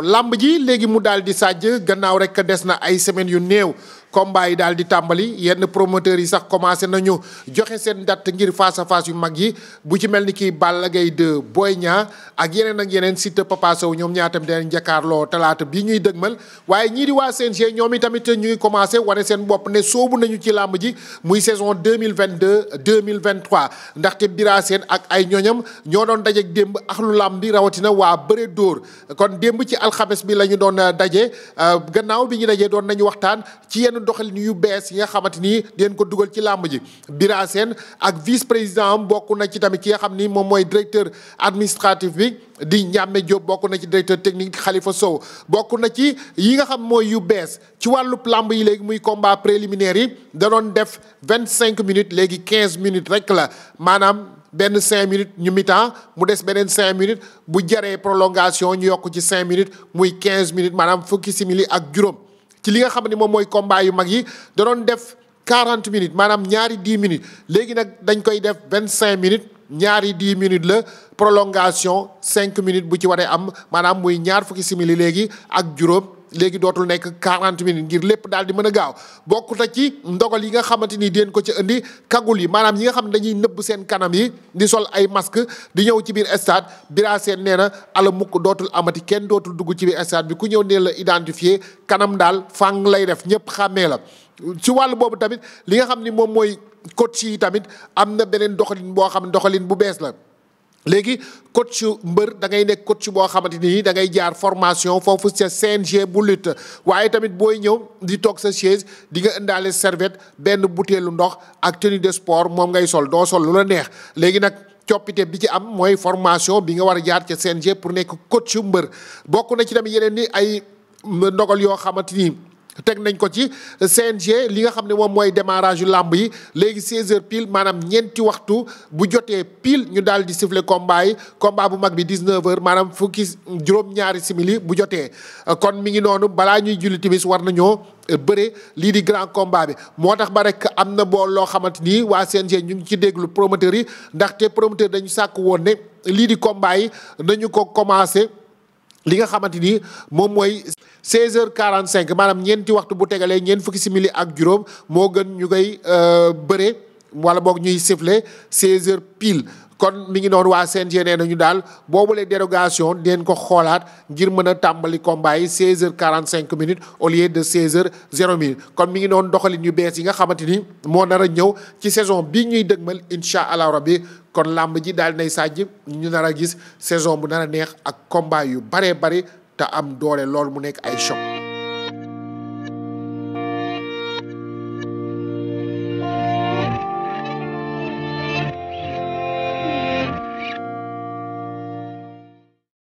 làmb ji léegi mu daal di sàjj gannaaw rek des na ay semaines yu néew combat yi daal di tàmbali yenn promoteurs yi sax commencé nañu joxe seen ndat ngir face à yu mag yi bu ci mel ni kii Balla Gaye 2 Boy Niang ak yeneen ak yeneen Siteu Papa Sow ñoom ñaar tamit dinañ jàkkaarloo talaata bi ñuy dëgmal waaye ñii di waa CNG ñoom itamit ñu ngi commencé wane seen bopp ne soobu nañu ci làmb ji muy saison 2022 2023 ndaxte Bira Sène ak ay ñoñam ñoo doon daje dajeek démb axlu làmb bi rawatina waa bëre dóor kon démb ci alxames bi la ñu doon daje euh, gannaaw bi ñu dajee doon nañu waxtaan doxalin yu bees yi nga xamante ni deen ko dugal ci làmb ji Bira Sène ak vice président am bokk na ci tamit ki nga xam ni moom mooy directeur administratif bi di Ndiame Diop bokk na ci directeur technique xalifa Sow bokku na ci yi nga xam mooy yu bees ci wàllu làmb yi léegi muy combat préliminaire yi da doon def vingt cinq minutes léegi quinze minutes rek la maanaam benn cinq minutes ñu mi mu des beneen cinq minutes bu jaree prolongation ñu yokk ci cinq minutes muy quinze minutes maanaam fukki simili ak juróom ci li nga xam ne moom mooy combat yu mag yi da def quarante minutes maanaam ñaari dix minutes léegi nag dañ koy def vingt cinq minutes ñaari dix minutes la prolongation cinq minutes bu ci waree am maanaam muy ñaar fukki simili léegi ak juróom. léegi dootul nekk 40 minutes ngir lépp daal di mën a gaaw bokkut a ci ndogal yi nga xamante ni déen ko ci indi kagul yi maanaam yi nga xam ne dañuy nëbb seen kanam yi di sol ay masque di ñëw ci biir stade bira nee na ala mukk dootul amati kenn dootul dugg ci biir stade bi ku ñëw nee la identifié kanam daal fang lay def ñëpp xàmmee la ci wàll boobu tamit li nga xam ni moom mooy coach yi tamit am na beneen doxalin boo xam ne doxalin bu bees la léegi su mbër da ngay nekk su boo xamante ni da ngay jaar formation foofu ca CNG bu lutte waaye tamit booy ñëw di toog sa chaise di nga indaale serviette benn butéelu ndox ak tenue de sport moom ngay sol doo sol lu la neex léegi nag coppite bi ci am mooy formation bi nga war a jaar ca CNG pour nekk coach mbër bokk na ci tamit yeneen ni ay ndogal yoo xamante ni. teg nañ ko ci CNG li nga xam ne moom mooy démarrage yu làmb yi léegi 16h pile maanaam ñeenti waxtu bu jotee pile ñu daal di siffler combat yi combat bu mag bi 19h maanaam fukki juróom-ñaari simili bu jotee. kon mi ngi noonu balaa ñuy julli timis war nañoo bëre lii di grand combat bi moo tax ba rek am na bool loo xamante ni waa CNG ñu ngi ci déglu promoteurs yi ndaxte promoteur dañu sàkk woon ne lii di combat yi nañu ko commencé. li nga xamante ni moom mooy heure h cinq maanaam ñeenti waxtu bu tegalee ñeent fukki simili ak juróom moo gën ñu koy euh, bëre wala boog ñuy siffler 16h pile kon mi ngi noonu waa CNG nee nañu daal boobule dérogation den ko xoolaat ngir mën a tàmbali combat yi 16 heures 45 minutes au lieu de 16 heures 0 minutes kon mi ngi noonu doxalin yu bees yi nga xamante ni moo nar a ñëw ci saison bi ñuy dëgmal incha allah rabbi kon làmb ji daal nay sàjj ñu nar a gis saison bu nar a neex ak combat yu baree bari te am doole lool mu nekk ay choc.